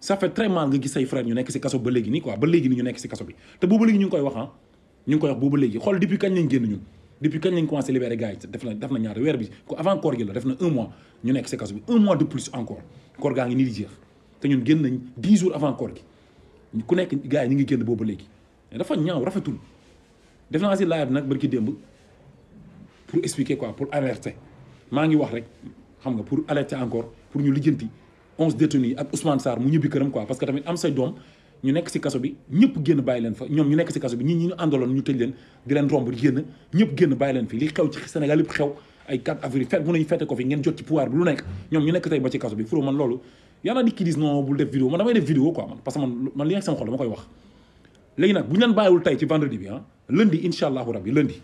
ça fait très mal que ça frères fait. nekk si ba léegi nii quoi ba léegi nii ñu si bi boobu ñu ah, depuis quand ils ont depuis gars def na def na avant koor un mois ñu un mois de plus encore koor gaa ngi dix jours avant koor gi ku les gars yi ñu ngi génn boobu léegi dafa ñaaw rafetul def pour expliquer quoi pour alerter pour alerter encore pour ñu onze détenus ak Ousmane Sarr mu ñibbi këram quoi parce que tamit am say doom ñu nekk ci kaso bi ñëpp génn bàyyi leen fa ñoom ñu nekk ci kaso bi ñu nekk ñoom kaso bi furo man loolu yàlla di kii dis bul def vidéo man damay def vidéo quoi man parce que man li nekk sama xol dama koy wax léegi nag bu ñu bàyyiwul tey ci vendredi bi ah lundi incha allahu rabbi lundi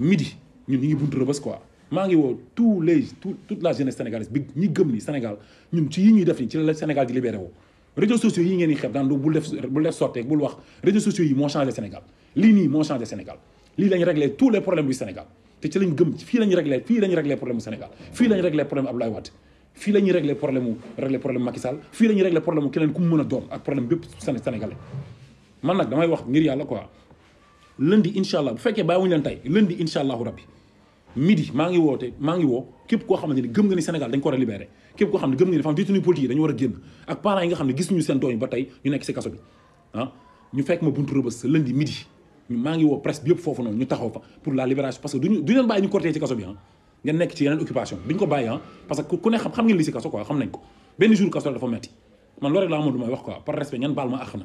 midi ñun ñu ngi buntu rëbës quoi mangi wo tous les toute la jeunesse sénégalaise bi ñi gëm ni Sénégal ñun ci yi ñuy def nii ci la Sénégal di libéré wo réseaux sociaux yi ngeen di xeeb daan bul def bul def sorté bul wax réseaux sociaux yi mo changer Sénégal li ni mo changer Sénégal li lañ régler tous les problèmes du Sénégal té ci lañ gëm fi lañ régler fi lañ régler problème Sénégal fi lañ régler problème Abdoulaye wat fi la régler problème régler problème Macky Sall fii la ñuy problème mu keneen ku mu mën ak problème bëpp sénégalais man nak damay wax ngir yalla quoi lundi incha allah bu fekkee bàyyiwuñu leen tay lundi inshallah rabbi midi maa ngi woote maa ngi woo képp koo xamante ni gëm nga ni Sénégal dañ ko war a libéré képp koo xam ne gëm nga ni dafa am détenu politique dañu war a génn ak parents yi nga xam ne gisuñu seen doom yi ba tey ñu nekk ah, foofu ñu taxaw fa pour la libération parce que duñu du leen bàyyi ci kaso bi ah ngeen nekk ci yeneen occupation duñ ko bàyyi ah parce que ku ne xam xam ngeen li si kaso quoi xam nañ ko benn jour kaso dafa metti man loolu rek laa amoon du may wax quoi par respect ngeen baal ma àq na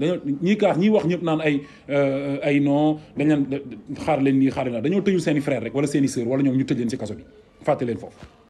dañoo ñii kaas ñii wax ñëpp naan ay euh, ay non dañ leen xaar leen nii xaar leen dañoo tëjul seen i frère rek wala seeni i sœur wala ñoom ñu tëj leen si kaso bi fàtte leen foofu